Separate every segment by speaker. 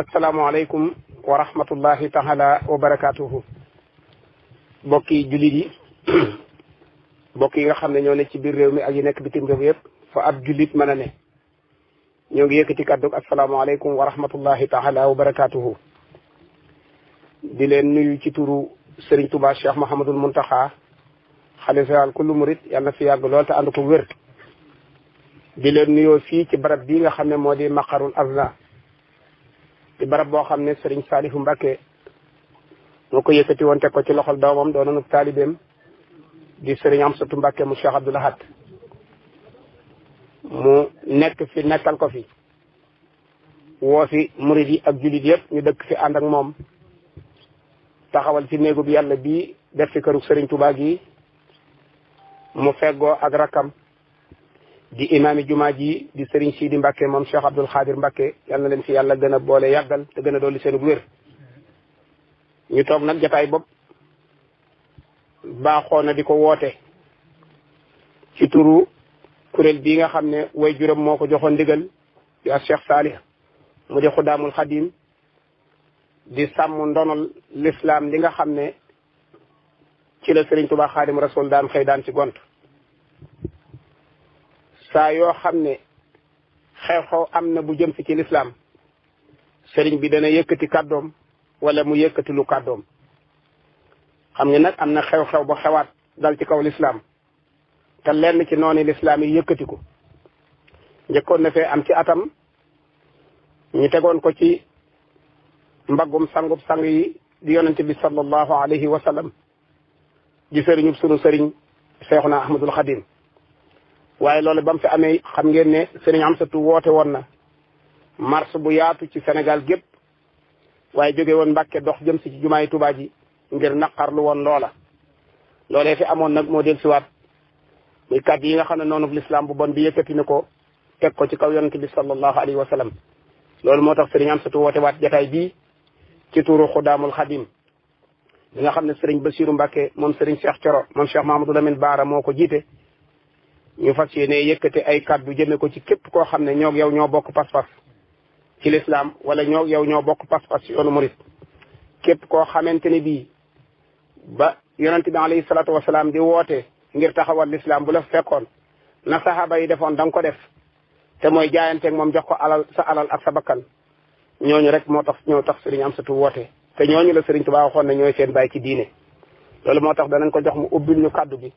Speaker 1: asalaamaaleykum wa rahmatullahi taala wa barakaatuhu bokki jullit yi bokk yi nga xam ne ñoo ne ci biir réew mi ak yi nekk bitim réew yëpp fa ab jullit mën a ne ñoo ngi yëkkati kàddu asalaamaaleykum wa rahmatullahi taala wa barakaatuhu di leen nuyu ci turu Serigne Touba Cheikh Mouhamadul Mountakha xalifa al kullu murit yal na fi yàgg lool te ànd ko wér di leen nuyoo fii ci barab bii nga xam ne moo di maqarul azna barab boo xam ne sëriñ Saalihu Mbàkke moo ko yëkkati woon ko ci loxol doomam doonoon ak taalibeem di sëriñ Amsatu Mbàkke mu Cheikh Abdou Lahad mu nekk fi nekkal ko fi woo fi murid yi ak jullit yëpp ñu dëkk fi ànd ak moom taxawal ci néegub yàlla bii def fi kërug sëriñ Tuubaa yi mu feggoo ak rakkam di imaami jumaa ji di sëriñ Sidi Mbacke moom Cheikh Abdoul Khadir Mbacke yal na leen fi yàlla gën boole yàggal te gën a dolli seen ñu toog nag jataay bopp baaxoo na di ko woote ci turu kuréel bii nga xam ne way juróom moo ko joxoon ndigal di ak Cheikh Salih mu di Xudaamul Xadim di sàmm ndonal l'islam li nga xam ne ci la Serigne Touba Xadim Rasul daan xëy daan si gont saa yoo xam ne xew-xew am na bu jëm si ci lislaam sëriñ bi dana yëkkati kàddoom wala mu yëkkatilu lu kàddoom xam nga nag am na xew-xew ba xewaat dal ci kaw lislaam te lenn ci noonu lislaam yi yëkkati ko njëkkoon na fee am ci atam ñu tegoon ko ci mbaggum sangub sang yi di yonente bi sallallahu alayhi wa sallam di sëriñub sunu sëriñ seexuna ahmadul xadim waaye loole ba mu fi amee xam ngeen ne am Amsatu woote woon na marche bu yaatu ci senegal gépp waaye jóge woon Mbàkke dox jëm si ci jumaay Tuubaa ji ngir naqarlu woon loola loolee fi amoon nag moo del siwaat muy kàddu yi nga xam ne noonu lislaam bu bon bi yëkkati na ko teg ko ci kaw yonent bi sallallahu alayhi wa sallam loolu moo tax sëriñ Amsatu woote waat jataay bi ci tuuru xudaamul xadim bi nga xam ne sëriñ Basiiru mbakke moom sëriñ Cheikh Coro moom Cheikh Mahamadou Lamine moo ko jiite ñu fas yéene yëkkate ay kàddu jëme ko ci képp koo xam ne ñoog yow ñoo bokk pas-pas ci lislaam wala ñoog yow ñoo bokk pas-pas ci yoonu murit képp koo xamante ne bii ba yonent bi alayhi salaatu wasalaam di woote ngir taxawal lislaam bu la fekkoon na saxaaba yi defoon da nga ko def te mooy jaayanteeg moom jox ko alal sa alal ak sa bakkan ñooñu rek moo tax ñoo tax sëriñ am satu woote te ñooñu la sëriñ Tuubaa waxoon ne ñooy seen bàyyi ci diine loolu moo tax danañ ko jox mu ubbil ñu kàddu bi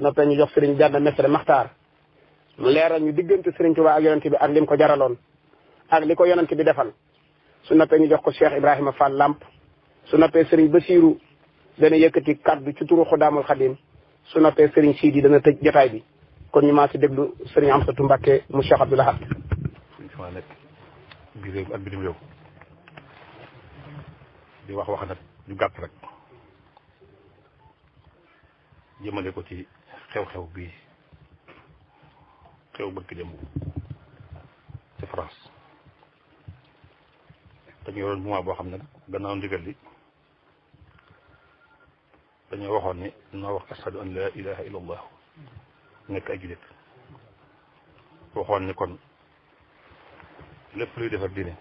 Speaker 1: su noppee ñu jox sëriñ Gana Messere Maxtaar mu leeral ñu diggante sëriñ Tuubaa ak yonent bi ak lim ko jaraloon ak li ko yonent bi defal su noppee ñu jox ko Cheikh Ibrahima Fall làmp su noppee sëriñ ba Basiiru dana yëkkati kaddu ci turu Xudaamul Xadim su noppee sëriñ Sidi dana tëj jotaay bi kon ñu maa si déglu sëriñ Amsatu Mbàkke mu Cheikh Abdou Lahad
Speaker 2: biir di wax wax nag ñu ko ci xew-xew bi xew bëgg dem ci France dañu yoroon mois boo xam ne gannaaw ndigal li dañoo waxoon ni noo wax ashadu an laa ilaha illa allah nekk ay jullit waxoon ni kon lépp luy defar diine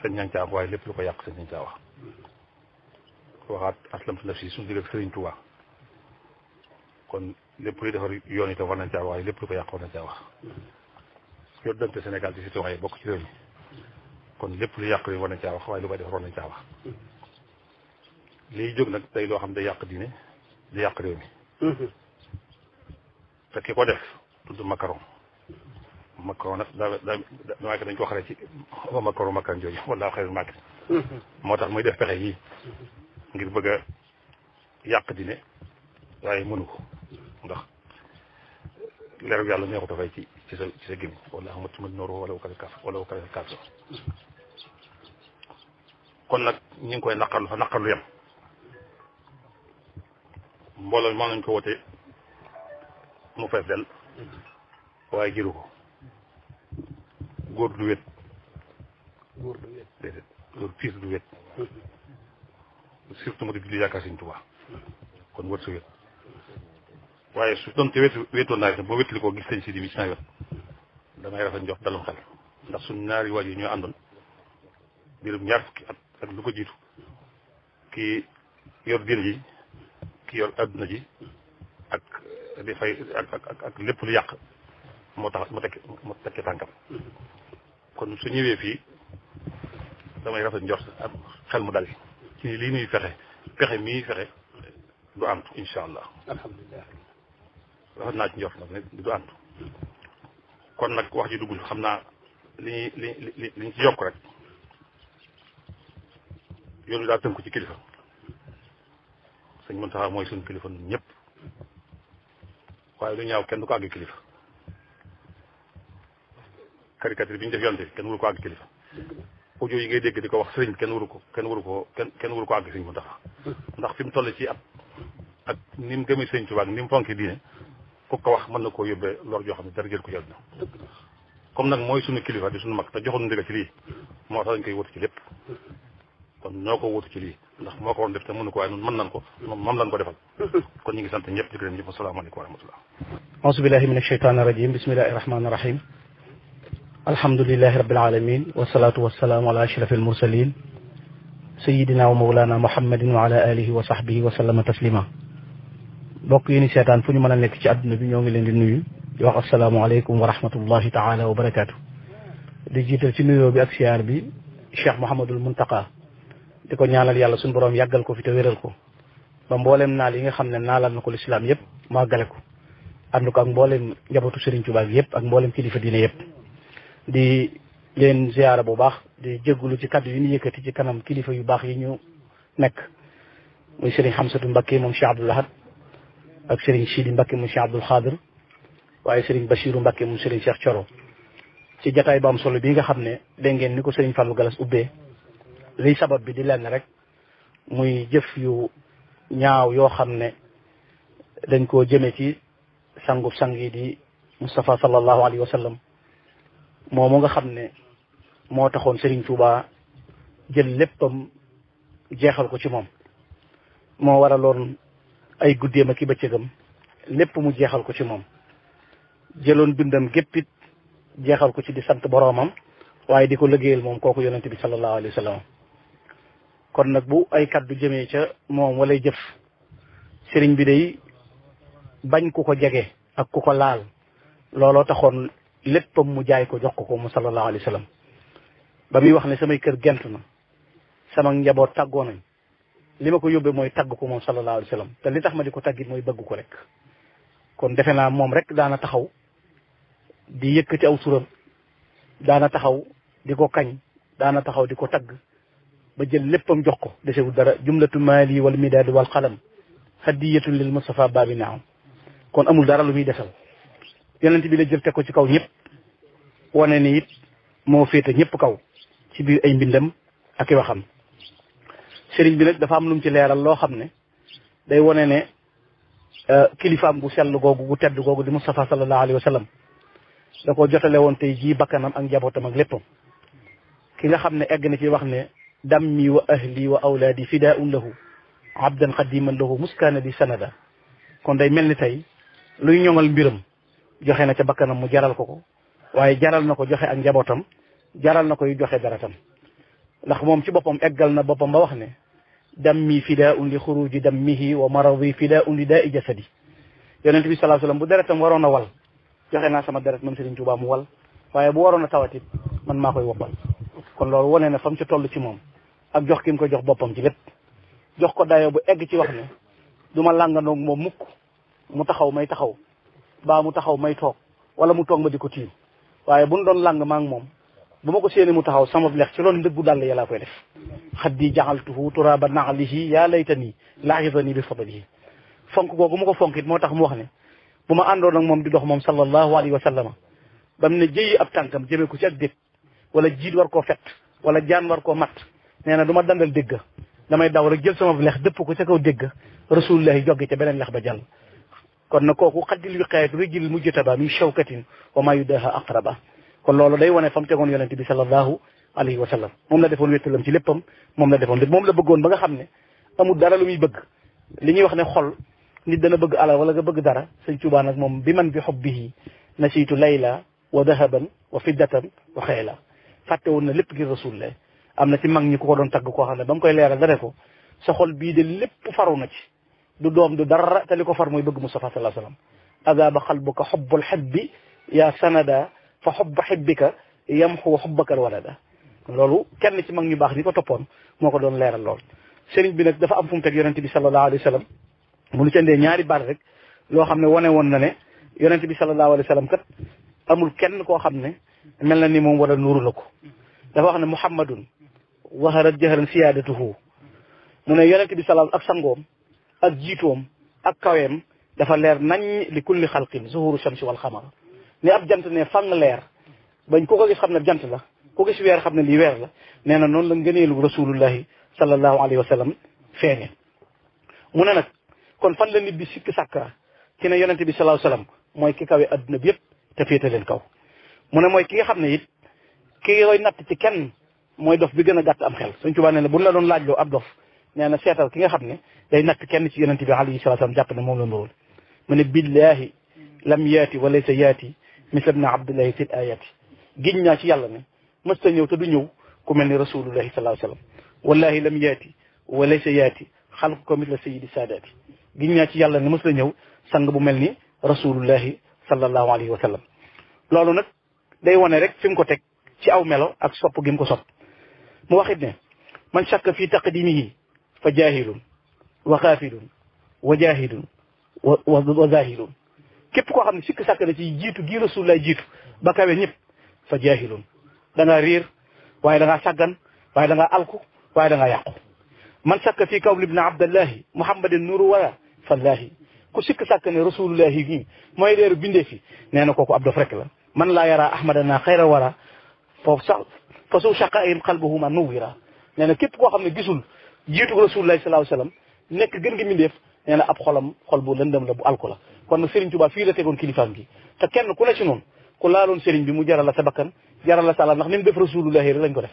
Speaker 2: sañ nañ caa am waaye lépp lu ko yàq sañ nañ caa wax waxaat aslamtu nafsi suñu digal sëriñ kon lépp luy defar yoon itam war nañ caa waaye lépp lu ko yàq war nañ yoon donte Sénégal ci citoyen bokk ci réew mi kon lépp lu yàq war nañ caa wax waaye lu koy defar war nañ caa jóg nag tey loo xam day yàq diine di yàq réew mi te ki ko def tudd Macron Macron nag daa daa damaa dañ ko xare ci wa Macron Macron jooju wala xëy na moo tax muy def pexe yii ngir bëgg yàq diine waaye mënu ko ndax leeru yàlla neexut a ci ci sa ci gim wala amat ci ma noor wala wu kasal kaaf wala wu kasal kaaf kon nag ñu ngi koy naqarlu fa naqarlu yem mbooloo maa nañ ko wote mu fees del waaye jiru ko góor du wét góor du du wét surtout ma di julli yaakaar Sëñ Tuubaa kon wër su wét waaye su doonte wetu wetoon naa itam boo wetli koo gis sëñ si di mi ci sama wet damay rafet njox dalum xel ndax suñ ñaari waajur ñoo àndoon diirum ñaar fukki at ak lu ko jiitu kii yor diin ji ki yor adduna ji ak di fay ak lu yàq moo tax mu tekki mu tekki tànkam kon su ñëwee fii damay rafet njort ak xel mu dal ci ni lii nuy fexe fexe mii fexe du am incha allah rafet naa ci njort nag ne du ànd kon nag wax ji duggul xam naa li li li liñ ci yokk rek yoon daa tënku ci kilifa sëñ Muntaxa mooy suñu kilifa ñun ñëpp waaye lu ñaaw kenn du ko àgg kilifa caricature bi ñu def yonte bi kenn waru ko àgg kilifa audio yi ngay dégg di ko wax sëriñ kenn waru ko kenn waru ko kenn kenn waru ko àgg ndax fi mu toll ci at ak ni mu gëmee sëñ Tuubaa ni mu fonki diine ku ko wax mën na koo yóbbee lor joo xam ne dara jël ko ci àdduna comme nag mooy suñu kilifa di suñu mag te joxoon ndigal moo tax dañ koy wutu ci lépp kon ñoo ko wutu ci lii ndax moo ko waroon def te mënu ko waaye nun mën nan ko moom lan ko defal kon ñu ngi sant ñëpp di gërëm ñëpp asalaamaaleykum wa rahmatullah
Speaker 3: auzu billahi min asheytan irajim bismillahi irahmani irahim alhamdulilahi rabbil alamin wasalatu wasalaamu ala ashraf almursalin sayidina wa maulana muhammadin wa ala alihi wa sahbihi wa sallama taslima mbokk yi ni seetaan fu ñu mën a nekk ci àdduna bi ñoo ngi leen di nuyu di wax asalaamaaleykum wa rahmatullahi taala wa barakaatu. di jiital ci nuyoo bi ak siyaar bi Cheikh Mouhamadul Muntaqa di ko ñaanal yàlla suñu borom yàggal ko fi te wéral ko ba mboolem naal yi nga xam ne naalal na ko lislaam yëpp màggale ko ànd ko ak mboolem njabootu Serigne Touba bi yëpp ak mboolem kilifa diine yëpp. di leen ziyaara bu baax di jégalu ci kàddu yi ñu yëkkati ci kanam kilifa yu baax yi ñu nekk muy Serigne Xamsatu Mbakke moom Cheikh Abdoul Ahad ak Serigne Sidi Mbacke mu Cheikh Abdoul Khadir waaye Serigne Bachirou Mbacke mu Serigne Cheikh Thioro ci jataay bu am solo bi nga xam ne dégg ngeen ni ko Serigne Fallou Galas ubbee liy sabab bi di lenn rek muy jëf yu ñaaw yoo xam ne dañ koo jëme ci sangu sang yi di Moustapha sallallahu alayhi wa moomu nga xam ne moo taxoon Serigne Touba jël léppam jeexal ko ci moom moo waraloon ay guddeem ak i bëccëgam lépp mu jeexal ko ci moom jëloon bindam géppit jeexal ko ci di sant boroomam waaye di ko liggéeyal moom kooku yonent bi sallallahu alayhi wa kon nag bu ay kaddu jëmee ca moom walay jëf sëriñ bi day bañ ku ko jege ak ku ko laal looloo taxoon léppam mu jaay ko jox ko ko mu sallallahu alayhi wa ba muy wax ne samay kër gent na sama njaboot tàggoo nañ li ma ko yóbbee mooy tagg ko moom sallallahu alayhi te li tax ma di ko tagg mooy bëgg ko rek kon defe naa moom rek daana taxaw di yëkkati aw turam daana taxaw di ko kañ daana taxaw di ko tagg ba jël léppam jox ko desewul dara jumlatu maali wal midaadi wal xalam hadiyatun lil Mustafa baabi naam kon amul dara lu muy desal yonent bi la jël teg ko ci kaw ñépp wane ni it moo féete ñëpp kaw ci biir ay mbindam ak i waxam sëriñ bi nag dafa am lu ci leeral loo xam ne day wone ne euh, kilifaam gu sell googu gu tedd googu di Moustapha sallallahu alayhi wa sallam da ko jotale woon tey jii bakkanam ak njabootam ak léppam ki nga xam ne egg na ci wax ne dammi wa ahli wa awlaadi fidaun lahu abdan qadiman lahu muskaana di sanada kon day mel ni tey luy ñoŋal mbiram joxe na ca bakkanam mu jaral ko ko waaye jaral na ko joxe ak njabootam jaral na koy joxe daratam ndax moom ci boppam eggal na boppam ba wax ne dammi fidaun li xuruji dammihi wa maradi fidaun li daai jasadi yonent bi salaa sallam bu deretam waroon a wal joxe naa sama deret man Sëriñ Tuubaa mu wal waaye bu waroon a tawatit man maa koy woppal kon loolu wane na fam ci toll ci moom ak jox ki mu ko jox boppam ci lépp jox ko dayoo bu egg ci wax ne du ma làngandoo moom mukk mu taxaw may taxaw baa mu taxaw may toog wala mu toog ma di ko tiim waaye buñ doon làng maa moom bu ma ko séenee mu taxaw sama lex ci loolu ndëggu dàll yàllaa koy def xaddi jaxaltuhu turaaba naxlihi yaa layta nii laaxisani bi fadlihi fonk googu ma ko fonk moo tax mu wax ne bu ma àndoon ak moom di dox moom sallallahu alayhi wa sallam ba mu ne jëyi ab tànkam jëmee ko ci ak dégg wala jiit war koo fet wala jaan war koo mat nee na du ma dandal dégg damay daw rek jël bu lex dëpp ko ca kaw dégg rasulullahi jogge ca beneen lex ba jàll kon na kooku xaddil wiqaayatu rijil mujjataba min shawkatin wa ma yudaha aqraba kon loolu day wane fa mu tegoon yonente bi sallallahu alayhi wa sallam moom la defoon wéttalam ci léppam moom la defoon moom la bëggoon ba nga xam ne amul dara lu muy bëgg li ñuy wax ne xol nit dana bëgg alal wala nga bëgg dara sëñ Tuubaa nag moom bi man bi xubbihi nasiitu layla wa dahaban wa fiddatan wa xeyla fàtte woon na lépp ngir rasul la am na ci mag ñi ku ko doon tagg ko xam ne ba mu koy leeral dane ko sa xol bii de lépp faru na ci du doom du dara te li ko far mooy bëgg Mustafa sallallahu alayhi wa sallam azaba xalbuka xubbul xabbi yaa sanada fa xubba xibbika yamxu wa xubbakal walada loolu kenn ci mag ñu baax ñi ko toppoon moo ko doon leeral lool sëriñ bi nag dafa am fu mu teg yonente bi sallallahu alayhi wa sallam mu nu cëndee ñaari baat rek loo xam ne wane woon na ne yonente bi sallallahu alayhi wa sallam kat amul kenn koo xam ne mel na ni moom wala nuuru la ko dafa wax ne muhammadun waharat jaharan siyaadatuhu mu ne yonente bi sallallahu ak sangoom ak jiitoom ak kaweem dafa leer nañ li kulli xalqin zuhuru shamsi wal xamar ni ab jant ne fang leer bañ ku ko gis xam ne jant la ku gis weer xam ne lii weer la nee na noonu la ngëneelu rasulullahi sallallahu alayhi wa sallam feeñe mu ne nag kon fan la nit bi sikki sàkka ci ne yonente bi sallallahu alayhi wa mooy ki kawe adduna bi yëpp leen kaw mu ne mooy ki nga xam ne it ki koy natt ci kenn mooy dof bi gën a gàtt am xel suñ Tuubaa ne na buñ la doon laajloo ab dof nee na seetal ki nga xam ne day natt kenn ci yonente bi alayhi salaatu wa salaam jàpp ne moom la ndowol mu ne billahi lam yaati walaysa yaati misal na abdullahi fil ayati giñ naa ci yàlla ne mës ta ñëw te du ñëw ku mel ni rasulullahi sallallahu alayhi wasallam wallahi lam yaati wa laysa yaati xalq ko mit la sayidi saadaati giñ naa ci yàlla ne mës la ñëw sang bu mel ni rasulullahi sallallahu alayhi wa sallam loolu nag day wane rek fi mu ko teg ci aw melo ak sopp gi mu ko sopp mu waxit ne man shakka fi taqdimihi fa jaahilun wa xaafilun wa jaahilun wa wa zaahilun képp koo xam ne sikk sàkk na ci jiitu gii rasulullah jiitu ba kawe ñëpp fa jaahilun da ngaa réer waaye da ngaa sàggan waaye da ngaa alku waaye da ngaa yàqu man sàkk fii kaw libna abdallahi muhammadin nuru wala fallahi ku sikk sàkk ne rasulullahi gi mooy leeru bindee fi nee na kooku ab dof rek la man laa yara ahmadana xayra wara foofu sax fa su shaqaim qalbuhuma nuwira nee na képp koo xam ne gisul jiitu rasulullahi sallallahu alayhi wa sallam nekk gën gi mindeef nee na ab xolam xol bu lëndëm la bu alku kon nag Serigne Touba fii la tegoon kilifaam gi te kenn ku ne ci noonu ku laaloon Serigne bi mu jaral la sa bakkan jaral la sa alal ndax ni mu def rasulullahi lañ ko def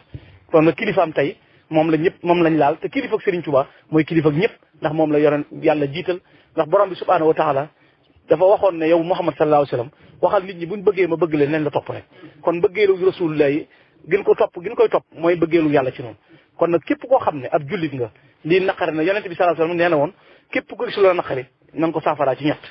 Speaker 3: kon nag kilifaam tey moom la ñëpp moom lañ laal te kilifa ak Serigne mooy kilifa ak ñëpp ndax moom la yoroon yàlla jiital ndax borom bi subhaanahu wa taala dafa waxoon ne yow Muhammad sallallahu alayhi wasallam waxal nit ñi buñ bëggee ma bëgg leen nañ la topp rek kon bëggeelu rasulullahi gën ko topp gën koy topp mooy bëggeelu yàlla ci noonu kon nag képp koo xam ne ab jullit nga lii naqari na yonente bi sallallahu alayhi wasallam nee na woon képp ko gis ci ñett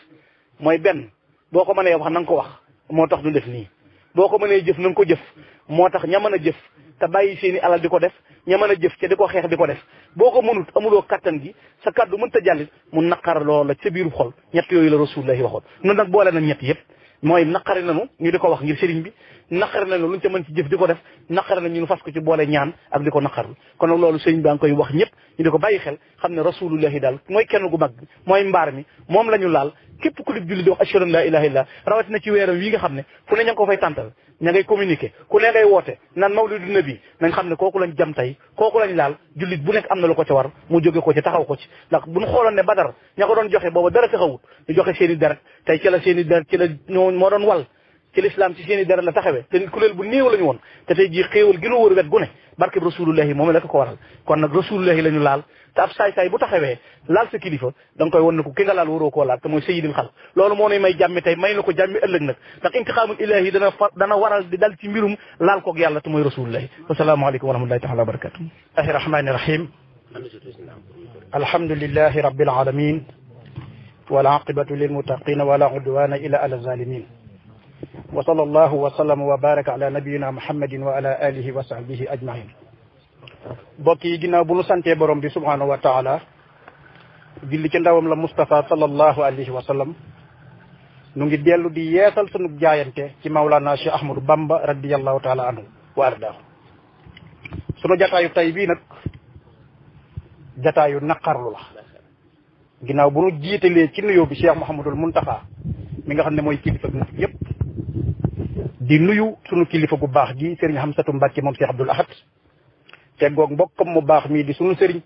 Speaker 3: mooy benn boo ko mënee wax na nga ko wax moo tax du def nii boo ko mënee jëf na nga ko jëf moo tax ña jëf te bàyyi seeni alal di ko def ña jëf ca di ko xeex di ko def boo ko mënut amuloo kàttan gi sa kàddu mënta jàllit mu naqar loola ca biiru xol ñett yooyu la rasulullahi waxoon. noonu nag boole na ñett yëpp mooy naqari nanu ñu di ko wax ngir sëriñ bi naqar nañ lu ñu ca mën ci jëf di ko def naqar nañ ñun fas ko ci boole ñaan ak di ko naqarlu kon nag loolu sëñ baa ngi koy wax ñëpp ñu di ko bàyyi xel xam ne rasulullahi daal mooy kenn gu mag bi mooy mbaar mi moom la ñu laal képp ku dib julli di wax ashhadu la ilaha illa rawati na ci weeram wi nga xam ne fu ne ña ngi ko fay tàntal ña ngay communiqué ku ne ngay woote naan mawlidu nabi nañ xam ne kooku lañ jam tey kooku lañ laal jullit bu nekk am na lu ko ca war mu jóge ko ci taxaw ko ci ndax buñ xooloon ne badar ña ko doon joxe booba dara taxawut ñu joxe seen i seen i deret moo doon wal ci lislaam ci seeni dara la taxawee te kuréel bu néew la ñu woon te tey jii xéewal gi nu wër wet gu ne barkeb rasulullahi moom la ko ko waral kon nag rasulullahi la ñu laal te ab saay-saay bu taxawee laal sa kilifa dan nga koy won ne ko ki laal waroo koo laal te mooy sayidil xal loolu moo ne may jàmmi tey may na ko jàmmi ëllëg na ndax intixaamul ilahi dana fa dana waral di dal ci mbirum laal koog yàlla te mooy rasulullahi wasalaamaaleykum wa rahmatullahi taala wa barakatu ahi rahmani rahim alhamdulilahi rabbil alamin wal aqibatu lil muttaqin wala udwana ila ala zalimin wa sallallahu wa sallama wa baraka ala nabiyina muhammadin wa ala wa sahbihi ajmain bokk yi ginnaaw bu nu santee borom bi subhanahu wa taala julli ci ndawam la Moustapha sallallahu alayhi wa sallam nu ngi dellu di yeesal sunu jaayante ci Maulana Cheikh Ahmadou Bamba radiyallahu taala wa ardaahu sunu jataayu tay bii nag jataayu naqarlu la ginnaaw bu nu jiitalee ci nuyoo bi Cheikh Mouhamadul Muntaxa mi nga xam ne mooy di nuyu sunu kilifa gu baax gi sëriñ Hamsatu Mbàkke moom Cheikh Abdoul Ahad te goog mbokkam mu baax mii di sunu sëriñ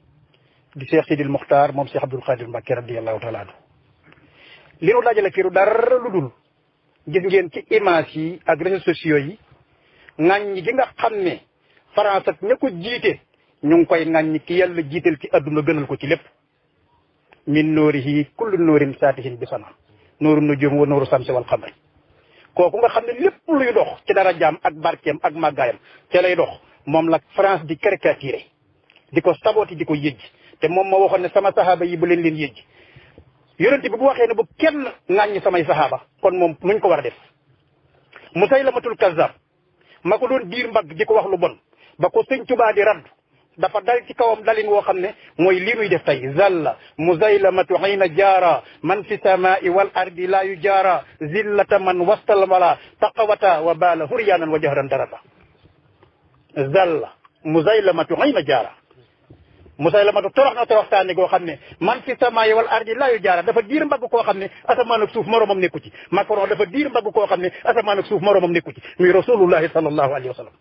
Speaker 3: di Cheikh Sidil Muxtaar moom seex Abdoul Xaadir Mbàkke radiyallahu taala anhu li nu dajale fiiru dara lu dul gis ngeen ci image yi ak réseaux sociaux yi ŋàññi gi nga xam ne France ak ña jiite ñu ngi koy ŋàññi ki yàlla jiital ci adduna gënal ko ci lépp min noori yi kullu noorin saatihin bi sana nooru nujum wa nooru samsi wal kooku nga xam ne lépp luy dox ci dara jaam ak barkeem ak màggaayam ca lay dox moom la France di caricaturé di ko sabooti di ko yëjj te moom moo waxoon ne sama saxaaba yi bu leen leen yëjj yonent bi bu waxee ne bu kenn ŋàññi samay saxaaba kon moom nuñ ko war a def Musaylamatul Kazzab ma ko doon diir mbagg di ko wax lu bon ba ko sëñ Tubaa di raddu dafa dal ci kawam dalin woo xam ne mooy li muy def tey zalla muzaylamatu ayna jaara man fi samaai wal ardi laa yu jaara zillata man wastal wala taqawata wa baala huryaanan wa jahran darata zalla muzaylamatu ayna jaara musaylamatu torox na toroxtaane goo xam ne man fi samaay wal ardi laa yu jaara dafa diir mbagg koo xam ne asamaan ak suuf moroomam nekku ci Macron dafa diir koo xam ne asamaan ak suuf moroomam nekku ci muy rasulullahi sallallahu alayhi wa sallam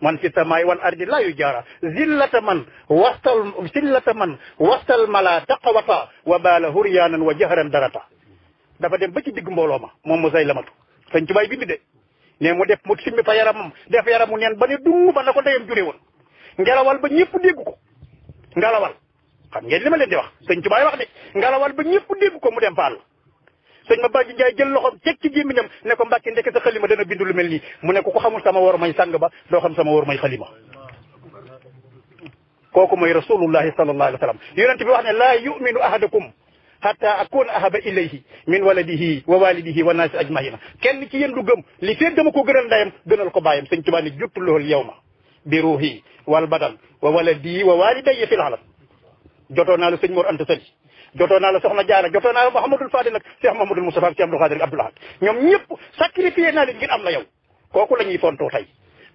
Speaker 3: man fi samaay wal ardi la yu jaara zillata man wastal zillata man wastal mala taqawata wa baala huryaanan wa jaharan darata dafa dem ba ci digg mbooloo ma moom mu say lamatu sëñ tubaay bind de ne mu def mu simmi fa yaramam def yaramu neen ba ne dung ba na ko dayam jure woon ngelawal ba ñëpp dégg ko ngelawal xam ngeen li ma leen di wax sëñ tubaay wax de ngelawal ba ñëpp dégg ko mu dem fa sëñ ma bàjji Njaay jël loxoom teg ci gémmiñam ne ko Mbàkke ndeke sa xalima dana bind lu mel nii mu ne ko ku xamul sama war may sàng ba doo xam sama war may xalima kooku mooy rasulullahi sallallahu alayhi wa sallam yonente bi wax ne laa yuminu ahadukum hatta akuna ahaba ilayhi min waladihi wa walidihi wa naasi ajmaina kenn ci yéen du gëm li fekk dama ko gënal ndayam gënal ko bàyyam sëñ Tuubaa ne juttu lool yow ma bi ruuhi wal badan wa waladi wa walidayya fil alam jotoon naa la sëñ Mor Anta Sali jotoo naa la soxna Jaara jotoo naa la Mouhamadul Fadil ak Cheikh Mouhamadul Moustapha ak Cheikh Abdou Khadir ak Abdoul Ahad ñoom ñëpp sacrifié naa leen ngir am la yow kooku la ñuy fontoo tey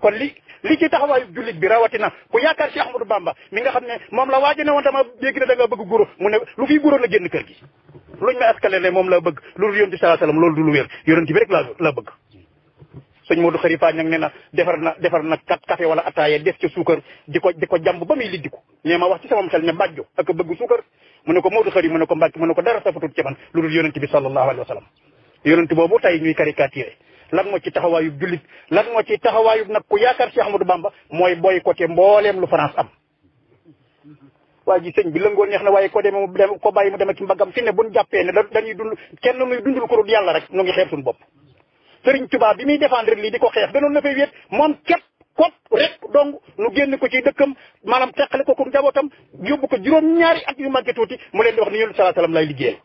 Speaker 3: kon li li ci taxawaayu jullit bi rawatina ku yaakaar Cheikh Ahmadou Bamba mi nga xam ne moom la waaji ne woon dama dégg ne da bëgg guro mu ne lu fi guro la génn kër gi luñ ma askale ne moom laa bëgg loolu yonent bi sallallahu loolu du lu wér yonent bi rek la la bëgg sëñ Modou Xarifa ñag ne na defar na defar na kat café wala ataaya def ci suukar di ko di ko jàmb ba muy liddiku ne ma wax ci samam xel ne bàjjo ak bëgg suukar mu ne ko Modou Xari mu ne ko Mbàkke mu ne lu moo ci taxawaayub jullit lan France am waa ji sëñ bi lëngoo neex na waaye ko demee mu dem ko bàyyi mu dem ak mbaggam fi ne buñ jàppee ne dañuy dund kenn nuy dundul ko dul yàlla rek nu ngi xeeb suñu bopp Serigne tubaa bi muy défendre lii di ko xeex gënoon na fay wéet moom képp kot rek dong nu génn ko ci dëkkam maanaam teqale ko ko njabootam yóbbu ko juróom-ñaari ak yu manqué tuuti mu leen di wax ni yonent salaa salaam lay liggéeyal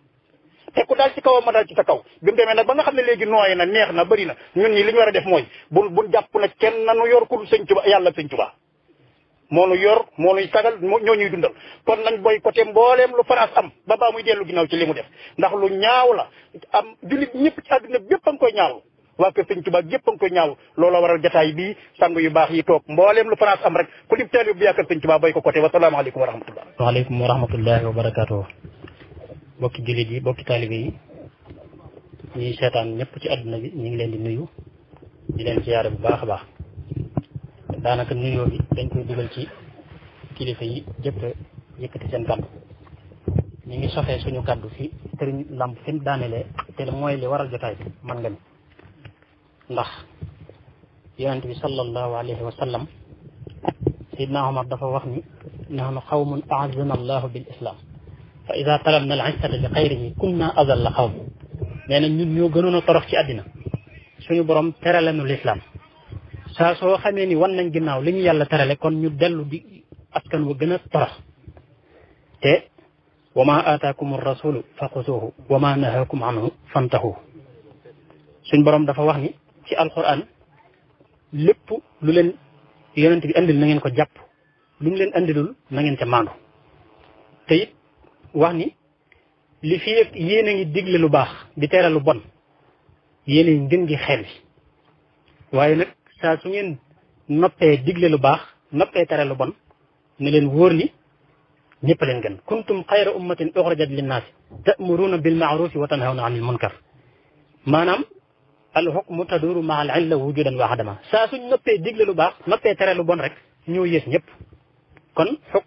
Speaker 3: te ku ci kawam ma daal ci kaw bi mu demee ba nga xam ne léegi nooy na neex na bëri na ñun ñi li ñu war a def mooy bu bu jàpp na kenn nanu yor ku sëñ Tuba yàlla sëñ Tuba moo nu yor moo nuy sagal ñoo ñuy dundal kon nañ boycotté mbooleem lu France am ba baa muy dellu ginnaaw ci li mu def ndax lu ñaaw la am jullit ñëpp ci àdduna bépp a koy ñaaw waa kër sëñ Tuubaa gépp a ngi koy ñaaw looloo waral jataay bii sang yu baax yi toog mbooleem lu France am rek ku dib ko ko yaa kër sëñ Tuubaa bay ko côté wasalaamaaleykum wa rahmatullah waaleykum wa rahmatullahi wa barakaatu bokki jullit yi bokki taalibe yi ñuy seetaan ñëpp ci àdduna bi ñu ngi leen di nuyu di leen siyaare bu baax a baax daanaka nuyoo bi dañ koy dugal ci kilifa yi jëkk yëkkati seen kàddu ñu ngi soxee suñu kàddu fi sëriñ làmp fi mu daanelee te mooy li waral jotaay man nga ndax yonent bi sallallahu alayhi wa sallam sayidna Omar dafa wax ni nahnu xawmun aazana allahu bil islam fa ida talabna al isata bi xayrihi kunna azalla xawm nee na ñun ñoo gënoon a ci àddina suñu borom teralanu lislaam saa soo xamee ni wan nañ ginnaaw li ñu yàlla terale kon ñu dellu bi askan wa gën a torox te wa ma aataakum ar fa xusuuhu wa ma nahakum anhu fantahu ci alquran lépp lu leen yonent bi andil na ngeen ko jàpp lu leen andilul na ngeen ca maandu te it wax ni li fi yëg a ngi digle lu baax di tere lu bon yéen a ngi gën waaye nag saa su ngeen noppee digle lu baax noppee tere lu bon ne leen wóor ni ñëpp leen gën kuntum xayra ummatin uxrajat linnaasi ta'muruuna bil maarufi wa tanhawna anil munkar maanaam alxukmu taduru maa al illa wujudan wa adama saa suñ noppee digle lu baax noppee tere lu bon rek ñoo yées ñëpp kon xuk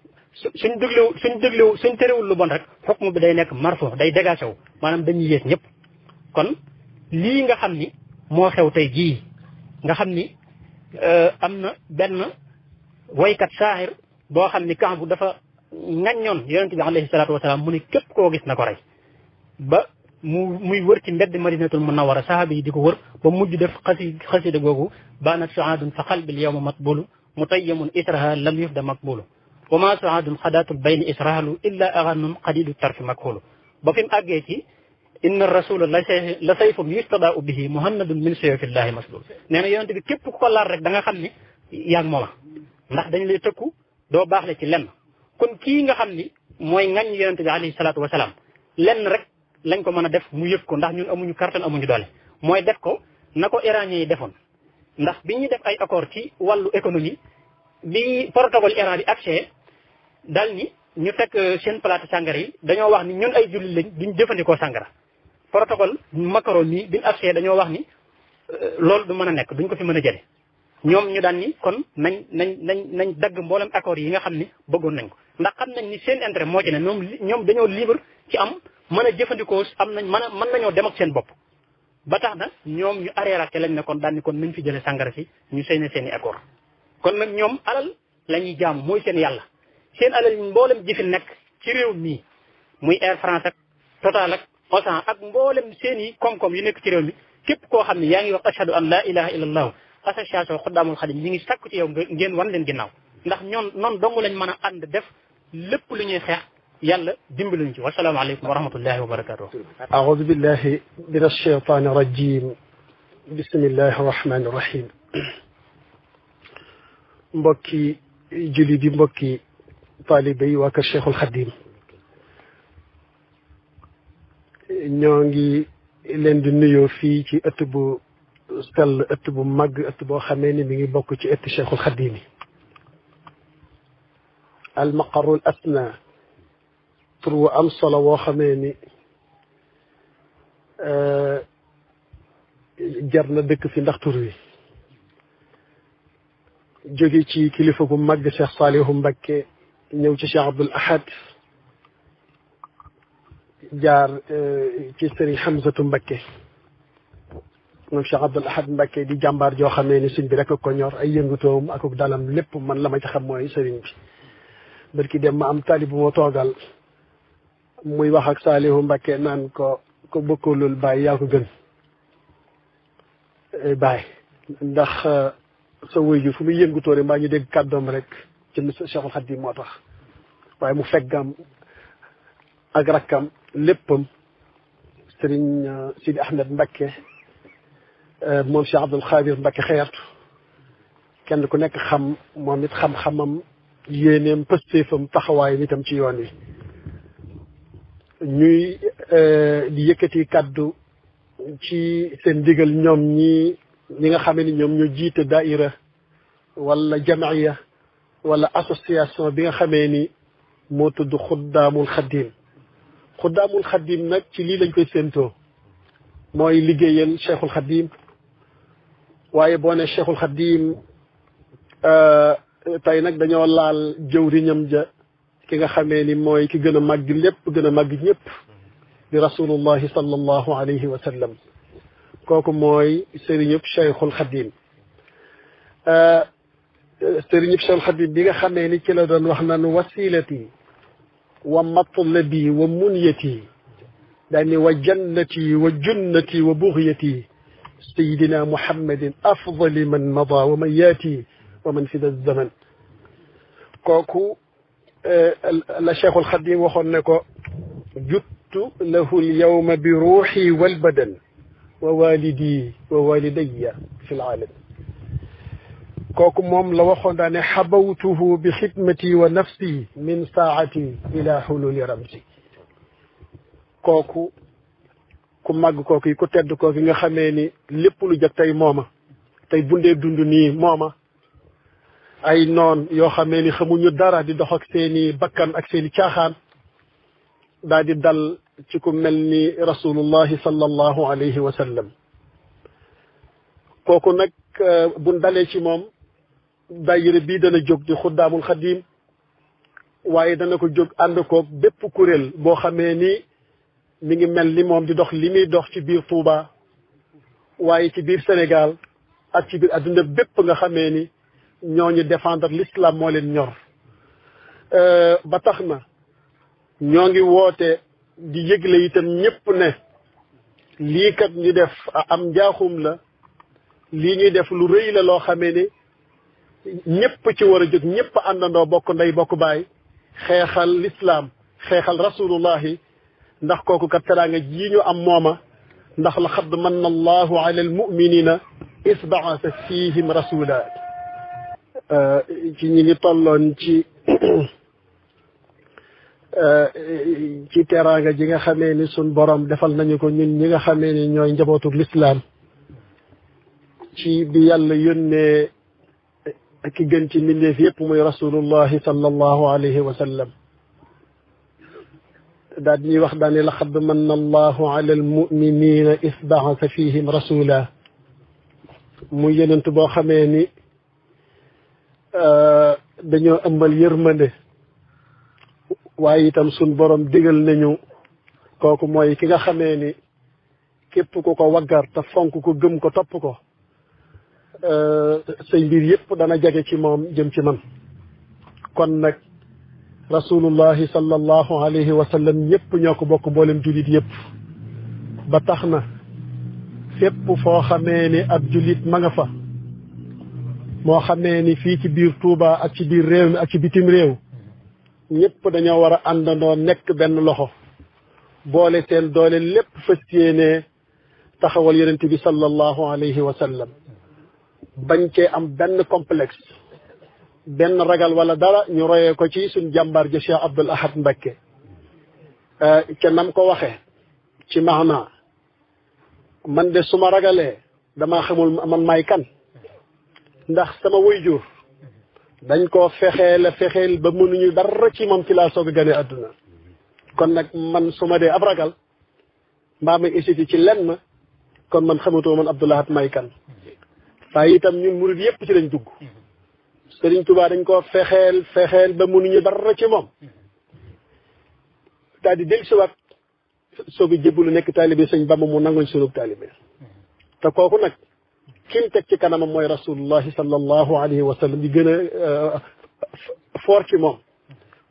Speaker 3: suñ diglewu suñ diglewu suñ lu bon rek xukmu bi day nekk marfu day dégagé wu maanaam dañuy yées ñëpp kon lii nga xam ni moo xew tey jii nga xam ni euh, am na benn waykat saahir boo xam ni kambu dafa ŋaññoon yonente bi alayhi salaatu wasalaam mu ni képp koo gis na ko rey mu muy wër ci mbedd madinatul munawara sahaaba yi di ko wër ba mujj def xasi xasida googu baanat suaadun fa xalbil yowma matbulu mutayyamun israha lam yufda makbulu wa ma suaadun xadaatul bayni israhalu illa aganum xadidu tarfi makhulu ba fi mu àggee ci inna rasula la la sayfum yustadaau bihi muhammadun min sayfillahi maslul nee na yonente bi képp ku ko laal rek da nga xam ne yaa ngi mooma ndax dañ lay tëkku doo baaxle ci lenn kon kii nga xam ni mooy ngañ yonente bi alayhi salaatu wasalaam lenn rek lañ ko mën a def mu yëg ko ndax ñun amuñu kàttan amuñu doole mooy def ko na ko iranien yi defoon ndax bi ñu def ay accord ci wàllu économie bi protocole Iran bi accès daal ni ñu teg euh, seen plate sàngara yi dañoo wax ni ñun ay jullit lañ duñ jëfandikoo sàngara protocole Macron nii bi ñu accès dañoo wax ni euh, loolu du mën a nekk duñ ko fi mën a jële ñoom ñu daan ni kon nañ nañ nañ nañ dagg mboolem accord yi nga xam ni bëggoon nañ ko ndax xam nañ ni seen intérêt moo ci ne ñoom ñoom dañoo libre ci am mën a jëfandikoo am nañ man a mën nañoo dem ak seen bopp ba tax na ñoom ñu arrêté lañ ne kon daan kon nañ fi jëlee sàngara si ñu seen seen i kon nag ñoom alal lañuy ñuy jaamu mooy seen yàlla seen alal yi mboolem jëfin nekk ci réew mii muy Air France ak Total ak Auchan ak mboolem seen i koom yu nekk ci réew mi képp koo xam ne yaa ngi wax ashhadu an la ilaha illa allahu association xuddaamul xadim ñi ngi sàkku ci yow ngeen wan leen ginnaaw ndax ñoon noonu dong lañ mën a ànd def lépp lu ñuy xeex yàlla dimbaluñ ci wasalaamu aleykum wa rahmatullahi wa barakatuh
Speaker 4: aoudu billahi min alcheytan irajim bismillahi arrahmani irrahim mbokki julli di mbokki taalibe yi waa kër cheikhul xadim ñoo ngi leen di nuyoo fii ci ëtt bu sell ëtt bu màgg ëtt boo xamee ni mi ngi bokk ci ëtt cheikhul xadim yi al maqarul asna tur am solo woo xamee ni euh, jar na dëkk fi ndax tur wi jóge ci kilifa gu màgg Cheikh Saalihu Mbakke ñëw ci Cheikh Abdul Ahad jaar euh, ci sëriñ Hamzatu Mbakke moom Cheikh Abdul Ahad Mbakke di jàmbaar joo xamee ni sëñ bi ko ñor ay yëngutoom ak dalam lépp man la ma ci xam mooy sëriñ bi ki dem ma am tali bu toogal muy wax ak Saalihu Mbakke naan ko ko bëkkalul bàyyi yaa ko gën eh, bàyyi ndax eh, sa wéyju fu muy yëngutóore mbaa ñu dégg kàddoom rek ci Cheikhul Khadim moo tax waaye mu feggam ak rakkam léppam sëriñ eh, Sidi Ahmed Mbakke moom Cheikh Abdoul Khadir Mbakke xeertu kenn ku nekk xam moom it xam-xamam yéeneem pëstéefam taxawaay nitam ci yoon wi ñuy euh, di yëkkati kàddu ci seen digal ñoom ñi ñi nga xamee ni ñoom ñu jiite daaira wala jamaaya wala association bi nga xamee ni moo tudd xuddaamul xaddiim xuddaamul xaddiim nag ci lii lañ koy séentoo mooy liggéeyal cheikhul xaddiim waaye boo ne cheikhul xaddiim euh, tey nag dañoo laal jëwriñam ja ki nga xamee ni mooy ki gën a màgg lépp gën a màgg ñëpp di rasulullahi sallallahu alayhi wa sallam kooku mooy sëriñub cheikhul xadim euh, sëriñub cheikhul xadim bi nga xamee ni ci la doon wax naan wasilati wa matlabi wa munyati daani wa jannati wa junnati wa buxyati sayidina muhammadin afdali man mada wa man yaati wa man fida zaman kooku Euh, la cheikhul xadim waxoon ne ko juttu lahu lyawma bi ruuxi walbadan wa walidi wa walidaya fi laalam kooku moom la waxoon daa ne xabawtuhu bi xidmati wa nafsi min saati ila xululi ramsi kooku ku màgg kooku yi ku tedd kooku yi nga xamee ni lépp lu jag tey mooma tey bundee dund nii mooma ay noon yoo xamee ni xamuñu dara di dox ak seeni bakkan ak seeni caaxaan daal di dal ci ku mel ni rasulullahi sallallahu alayhi wa kooku nag eh, buñ dalee ci moom daayira bii dana jóg di xuddaamul xadim waaye dana ko jóg ànd koog bépp kuréel boo xamee ni mu ngi mel ni moom di dox li muy dox ci biir Touba waaye ci biir senegal ak ci biir adduna bépp nga xamee ni ñoo ñooñu défendre l'islam moo leen ñor euh, ba tax na ñoo ngi woote di yëgle itam ñépp ne lii kat ñu def am njaaxum la lii ñuy def lu rëy la loo xamee ne ñëpp ci war a jóg ñépp àndandoo bokk ndey bokk baay xeexal lislaam xeexal rasulullahi ndax kooku kat teraanga ji ñu am mooma ndax la xad manna allahu ala almuminina is baasa fihim rasula Euh, ci ñi ngi tolloon ci ci teraanga ji nga xamee ni suñ borom defal nañu ko ñun ñi nga xamee ni ñooy njabootu lislaam ci bi yàlla yónnee ki gën ci mbindeef yépp muy rasulullahi sallallahu alayhi wa sallam daal ñuy wax daane laqad manna allahu ala almuminina is baasa fihim rasula muy yenent boo xamee ni Euh, dañoo ëmbal yërmande waaye itam sun borom digal nañu kooku mooy ki nga xamee ni képp ku ko waggar te fonk ko gëm ko topp ko euh, say mbir yëpp dana jage ci moom jëm ci man kon nag rasulullahi sallallahu alayhi wa sallam ñëpp ñoo ko bokk mboolem jullit yëpp ba tax na fépp foo xamee ni ab jullit ma nga fa moo xamee ni fii ci biir Touba ak ci biir réew mi ak ci bitim réew ñépp dañoo war a àndandoo nekk benn loxo boole seen doole lépp fas yéenee taxawal yonent bi sallallahu alayhi wa sallam bañ ce am benn complexe benn ragal wala dara ñu royee ko ci suñ jàmbaar ja Cheikh Abdoul Ahad Mbacké euh, ca nam ko waxe ci maanaa man de su ma ragalee dama xamul man may kan ndax sama waajur dañ koo fexeel a fexeel ba mënuñu dara ci moom ci laa soo a gane àdduna kon nag man su ma dee ab ragal mbaa may hésité ci lenn ma kon man xamatoo man Abdoulahat may kan waaye itam ñun murid yëpp ci lañ dugg dañ Tuubaa dañ koo fexeel fexeel ba mënuñu dara ci moom daal di del siwaat soog a jébbalu nekk taalibe sëñ Bamba mu nanguñ sunug taalibe te kooku nag ki mu teg ci mooy rasulullahi sallallahu alayhi wa sallam di gën a euh, foor moom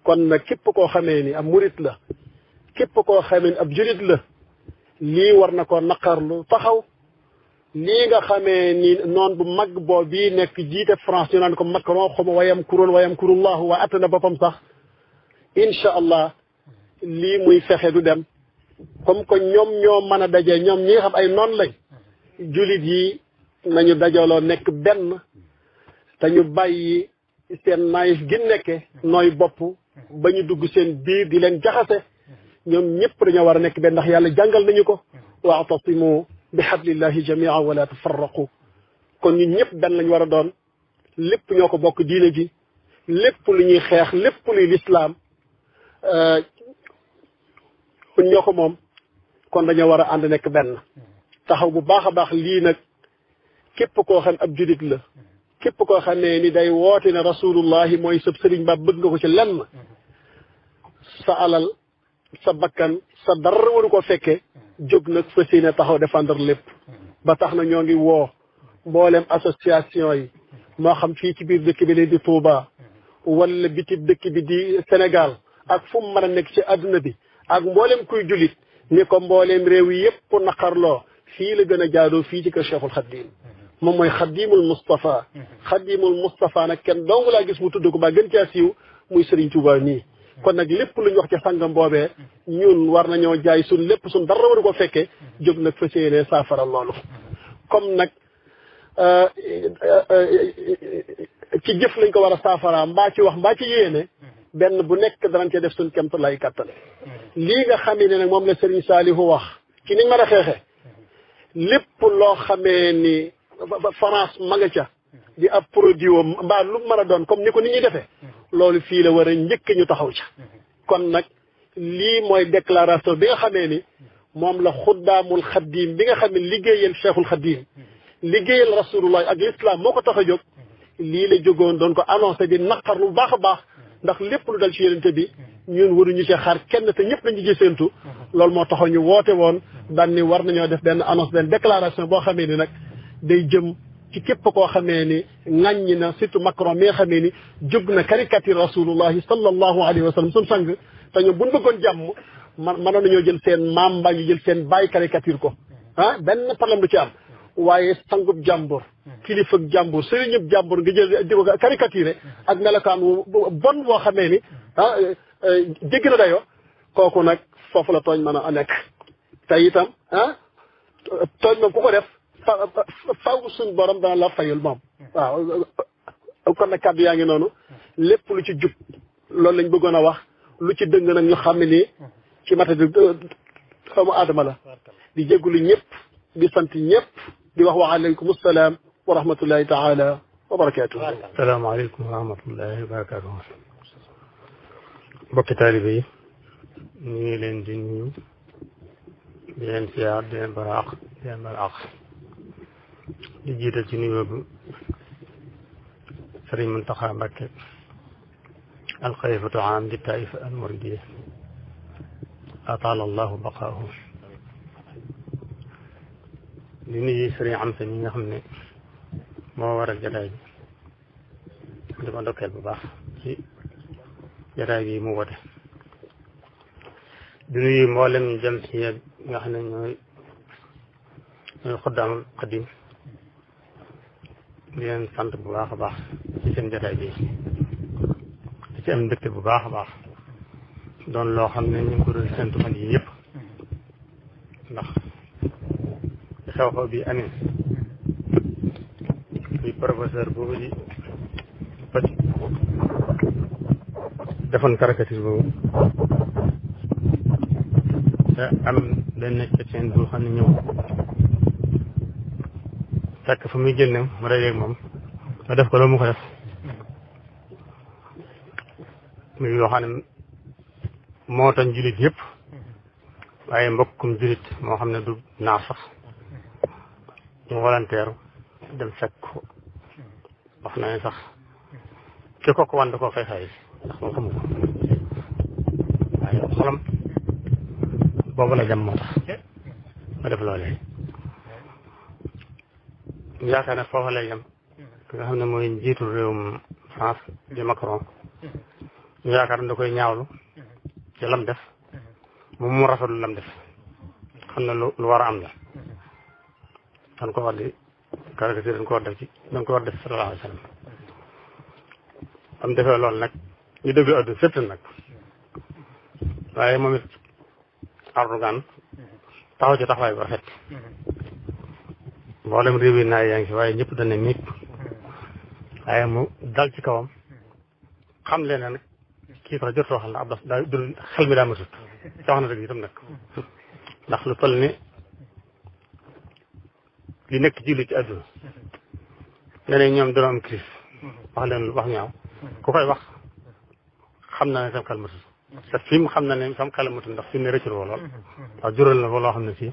Speaker 4: kon nag képp koo xamee ni ab murit la képp koo xamee ab julit la lii war na ko naqarlu taxaw lii nga xamee ni noon bu mag boo bii nekk jiite France ñu naan ko Macron xoma wayam kuróol wayam kurullahu waa atta na boppam sax incha lii muy fexe du dem comme ko ñoom ñoo mën a dajee ñoom ñi nga xam ay noon lañ julit yi nañu dajaloo nekk benn te ñu bàyyi seen naayif gi nekke nooy bopp ba ñu dugg seen biir di leen jaxase ñoom ñëpp dañoo war a nekk benn ndax yàlla jàngal nañu ko waatasimu bi hablillahi jamia wala tafarraqu kon ñun ñëpp benn lañ war a doon lépp ñoo ko bokk diine ji lépp lu ñuy xeex lépp luy lislaam euh, ñoo ko moom kon dañoo war a ànd nekk benn taxaw bu baax a baax lii nag képp koo xam ab julit la képp koo xam ne ni day woote ne rasulullahi mooy sab sëriñ ba bëgg nga ko ci lenn sa alal sa bakkan sa dara waru koo fekkee jóg nag fas yéene taxaw défendre lépp ba tax na ñoo ngi woo mboolem association yi moo xam fii ci biir dëkk bi leen di Touba wala biti dëkk bi di Sénégal ak fu mu mën a nekk ci àdduna bi ak mboolem kuy jullit ni ko mboolem réew yi yëpp naqarloo fii la gën a jaadoo fii ci kër Cheikhul Khadim moom mooy xadimul Moustapha. Mhm. xadimul Moustapha nag kenn dong laa gis mu tudd ko ba gën caa siiw muy Serigne Touba nii. Mhm. kon nag lépp lu ñu wax ci sàngam boobee mhm. ñun war nañoo jaay sun lépp sun dara waru ko fekkee jóg nag fas yéenee saafara loolu. comme nag euh, euh, euh, ci jëf lañ ko war a saafara mbaa ci wax mbaa ci yéene. benn bu nekk danañ cee def suñ kemt lay kattan lii nga xamee nag moom la Serigne Saliou wax ci niñ mën a xeexe lépp loo xamee ni ba France ma nga ca di ab produit wam mbaa lu mën a doon comme ni ko nit ñuy defee loolu fii la war a njëkk ñu taxaw ca kon nag lii mooy déclaration bi nga xamee ni moom la xuddaamul xaddiim bi nga xam ne liggéeyal cheikhul xaddiim liggéeyal rasulullah ak l'islam moo ko tax a jóg lii la jógoon doon ko annoncé di naqar lu baax a baax ndax lépp lu dal ci yonente bi ñun waruñu ci xaar kenn te ñëpp lañu séentu loolu moo taxoon ñu woote woon daan ni war nañoo def benn annonce benn déclaration boo xamee ni nag day jëm ci képp koo xamee ni ŋàññi na surtout Macron mi nga xamee ni jóg na caricature rasulullahi sallallahu alayhi wa sallam suñu sang te ñoom bu ñu bëggoon jàmm man mënoon nañoo jël seen maam mbaa ñu jël seen bàyyi caricature ko ah benn problème du ci am waaye sangub jàmbur kilifag jàmbur sëriñub jàmbur nga jël di ko caricature ak melokaan bon boo xamee ni ah eh, jégg na dayoo kooku nag foofu la tooñ mën a nekk tey itam ah tooñ moom ku ko def faw suñ borom dana la fayul moom waaw kon nag kàddu yaa ngi noonu lépp lu ci jub loolu lañ bëggoon a wax lu ci dëng nag ñu xam ne nii ci matadi doomu aadama la di jégalu ñëpp di sant ñëpp di wax wa aleykum salaam wa rahmatullahi taala wa barakaatu.
Speaker 2: salaamaaleykum wa rahmatullahi wa barakaatu. mbokki taalibe yi ñu ngi leen di nuyu di leen siyaar di leen baraax di leen baraax di jiital ci nuyoo bi sëriñ Muntaxa Mbàkke alxalifatu am di taif al muridiya ataala allahu baqaahu di nuyu sëriñ Amsa ñi nga xam ne moo waral jataay bi di ko ndokkeel bu baax ci jataay bi mu wote di nuyu mboolem ñu jëm ci nga xam ne ñooy ñooy xuddaamul xadim di leen sant bu baax a baax ci seen jotaay bi di ci am mbégte bu baax a baax doon loo xam ne ñu ngi ko doon séntu fan yi yëpp ndax xew-xew bi amee bi professeur boobu di Fatick defoon boobu te am benn spécimen boo ne ñëw fekk fa muy génne mu dajeeg moom nga def ko loolu mu ko def muy yoo ne jullit yëpp waaye mbokkum jullit moo xam ne du naar sax ñu volontaire dem fekk wax na sax ki ko ko wan da koo fay fay ndax moom xamu ko waaye xolam boobu la jam moo tax ma def loolee ñu yaakaar ne foofa lay yem nga xam ne mooy njiitu réewum France di Macron ñu yaakaar ne da koy ñaawlu ci lam def moom mu rafetlu lam def xam ne lu lu war a am la dañ ko war di caricature dañ ko war def ci dañ ko war def sallallahu am defee loolu nag ñu déglu addu fépp nag waaye moom it Erdogan taxaw ci taxawaay bu rafet mboolem réew yi naa yaa ngi fi waaye ñëpp dañ ne ñëpp mu dal ci kawam xam leen ne nag kii sax jotoo xam ne ab daa xel mi daa matut ca wax na dëgg itam nag ndax lu toll ni li nekk ci lu ñoom dana am leen wax ñaaw ku koy wax xam na ne sam xel matut te fi mu xam sam xel matut ndax fi mu ne rëccul lool ndax jural na ko loo xam ne fii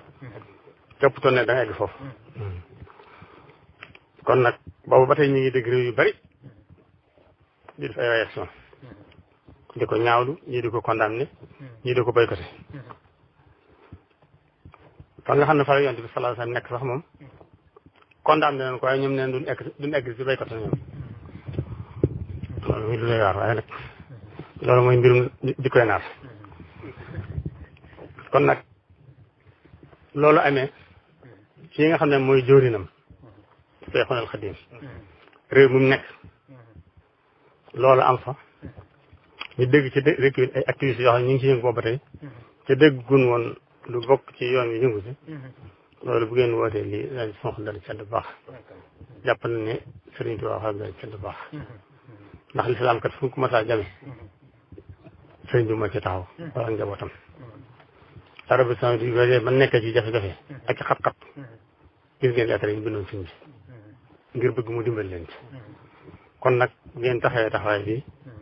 Speaker 2: jàpputoon ne da nga egg foofu kon nag boobu ba tey ñu ngi dégg réew yu bari di def ay réaction di ko ñaawlu ñii di ko condamné ñii di ko boycotté fa nga xam ne fa la yonent bi sallallahu alayhi wasallam nekk sax moom condamné nañ ko waaye ñoom neen duñ egg duñ egg ci boycotté ñoom loolu mooy mbirum jikkoy naar kon nag loolu amee kii nga xam ne mooy jóorinam Seexul Xadiim réew mi mu nekk loolu am fa ñu dégg ci dëkk bi ay activistes yoo xam ne ñu ngi ci yëngu boobu tey ca déggun woon lu bokk ci yoon wi yëngu ci loolu bu ngeen wootee lii daal di sonk daal baax jàpp nañ ne Sëriñ Tuubaa xam daal di cant baax ndax lislaam kat fu mu ko a jame sëriñ bi moo ci taxaw wala njabootam. dara bi sama di ba ci jafe-jafe ak xat-xat gis ngeen lettre yi ñu bindoon suñ ngir bëgg mu dimbal leen hmm. kon nag ngeen taxawee taxawaay bi hmm.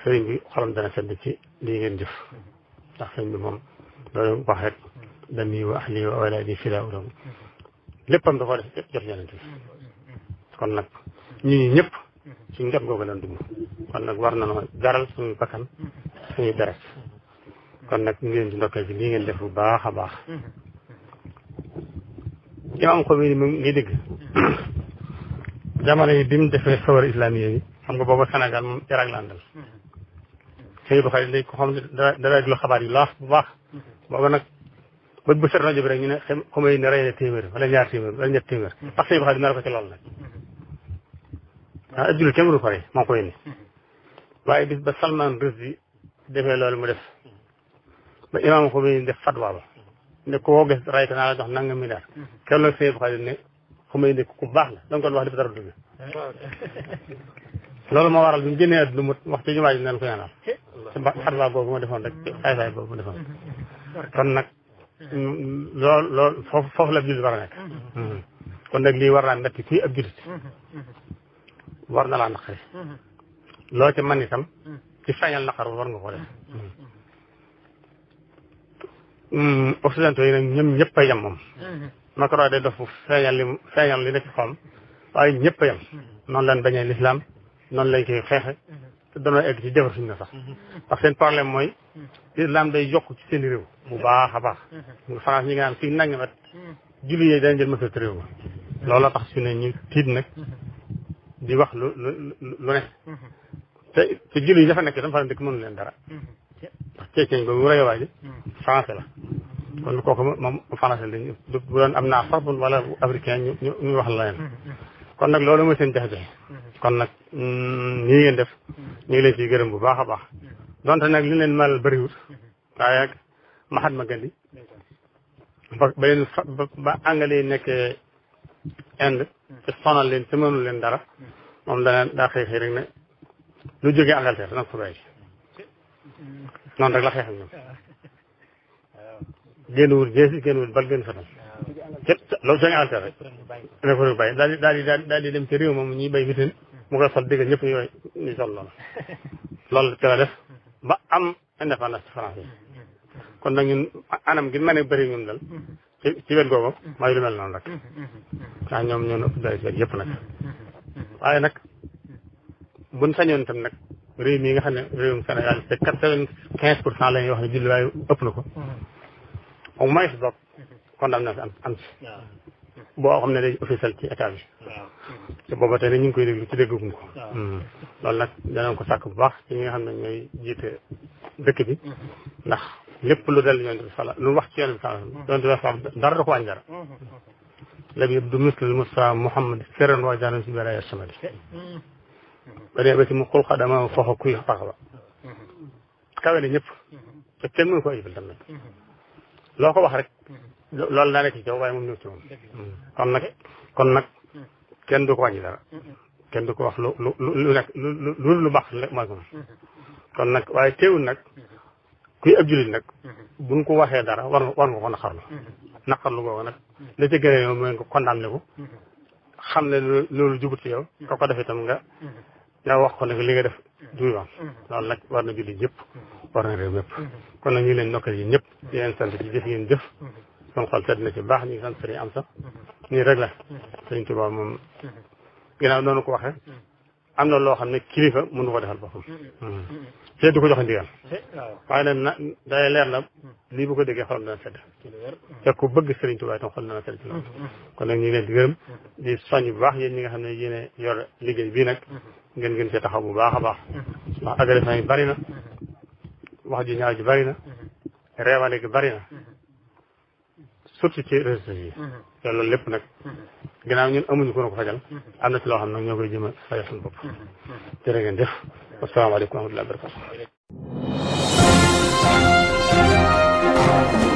Speaker 2: sëriñ bi xolam dana sedd ci lii ngeen jëf hmm. ndax sëriñ bi moom loolu wax rek dami wa léppam da koo def jox ñeneen kon nag ñu ñëpp suñ def googu lan dugg kon nag war na noo jaral suñu bakkan suñu deret kon nag ngeen ci ndokkee ci lii ngeen def bu baax a baax imaam Khomeini mu ngi dégg jamono yi bi mu defee sawar islamiya yi xam ko booba Sénégal moom Irak la àndal sëñ Buxaari léegi ko xam ne dara bu baax booba nag bët bu set rajo bi rek ñu ne Khomeini ne rey na téeméer wala ñaar téeméer wala ñett téeméer ndax sëñ Buxaari nar ko ci lool nag ah ab jullit ko rey moo koy ni waaye bis ba Salman Rushdie defee loolu mu def ba imaam Khomeini def fatwa ba ne koo gis ray ko naa la jox nangam milliard mm-hmm. kenn la sëñ Xaadim ne xumay ne ku baax la danga kon wax dëgg dara du loolu moo waral bi mu génnee lu mu wax ci ko ñaanal ci xatwa googu ma defoon rek saay ma
Speaker 5: mm-hmm.
Speaker 2: kon nag loolu mm, loolu la mm-hmm. ab jullit war na laa naqari loo ci man itam ci feeñal naqar war nga ko Mm, occidentaux yi nag ñoom ñëpp a yem moom. Mm-hmm. Macron day dof feeñal li feeñal li nekk xoom waaye ñëpp a yem. Mm-hmm. noonu lañ bañee lislaam noonu lañ koy xeexe mm-hmm. te danoo egg ci jabar suñu na sax ndax seen problème mooy lislaam day yokk ci seen réew bu baax a baax France ñi nga naan fii nangamat julli yooyu ma looloo tax su ne ñu tiit nag di wax lu lu lu ne te te julli yi dafa nekk dama fa dëkk leen dara ndax ceeceñ boobu rëy waay de hmm. français la kon kooku moom français la ñu bu doon am naa sax wala africain ñu ñu wax la leen hmm, hmm. kon nag loolu mooy seen jafe-jafe kon nag mm, nii ngeen def ñu ngi leen ciy gërëm bu baax a baax donte nag li leen malal bëriwut waaye nag maxat ma gandi ba ba leen ba anglais yi nekkee Inde ci sonal leen ci mënul leen dara moom daa xëy xëy rek ne lu jógee Angleterre nag ko noonu rek la xeexal ñoom génn wut géej génn wut bal génn fetal képp loolu sëñ rek ne ko bàyyi daal di dem ci réew moom ñuy béy bitin mu koy sol dégg ñëpp ñooy ñu sol loolu loolu ci la def ba am indépendance ci France kon nag ñun anam gi mën a bëri ñun dal ci ci wet googu rek ndax ñoom ñoo ëpp doole ci wet nag waaye nag buñ tam nag réew mi nga xam ne réewum Sénégal c'est quatre-vingt-quinze pour cent la ñuy wax ne julli waaye ëpp na ko mm-hmm. au moins boog condamnation boo xam ne day officiel ci état mm-hmm. te booba tey ñu ngi koy déglu ci dégguñ ko mm. loolu nag danañ ko sàkk bu baax ci ñi nga xam ne ñooy jiite dëkk bi mm-hmm. ndax lépp lu del yonent bi lu wax bi sala yonent bi da ko wàññi dara la bi du misl Mustafa Muhammad sëran waa jaaram si bera yassamali ba dee ba ci mu xul xadama foxo kuy paxawa kawe na ñëpp te kenn mënu ko ayibal tam nag loo ko wax rek loolu daa nekk ci kaw waaye moom ñëw ci moom kon nag kenn du ko wàññi dara ko wax lu lu lu nekk lu lu baax rek mooy ko kon nag waaye teewul nag kuy ab julit nag buñ ko waxee dara war war nga ko naqarlu naqarlu googu nag la ca gën a yow mooy nga condamné ko xam ne loolu jubut ci ka ko def itam nga yaa wax ko nag li nga def du yoon mm-hmm. loolu nag war na julli ñëpp mm-hmm. war na réew mépp mm-hmm. kon nag ñu leen ndokkal yi ñëpp di leen sant ci jëf ngeen jëf son xol sedd na ci baax ñu ngi sant sëriñ am sax nii rek la sëriñ Tuubaa moom ginnaaw ko waxee am na loo xam ne kilifa mënu ko defal boppam. fii du ko joxe ndigal. waaye nag na day leer la bu ko déggee xolam dana sedd. te ku bëgg Serigne Touba itam xol dana sedd ci loolu. Mm-hmm. kon nag ñu ngi di gërëm mm-hmm. baax yéen ñi nga xam ne yéen a yor liggéey bii nag mm-hmm. ngeen gën cee taxaw bu baax a baax. ndax agression yi bari na wax ji ñaaw ji bari na reewaane gi bari surtout ci résultats yi. Mm-hmm. te loolu lépp nag. Mm-hmm. ginnaaw ñun amuñu ko fajal. Mm-hmm. am na ci loo xam nag ñoo koy jëm a fajal suñu bopp. jërë ngeen jëf. wasalaamaaleykum wa rahmatulah wa
Speaker 5: barakatu.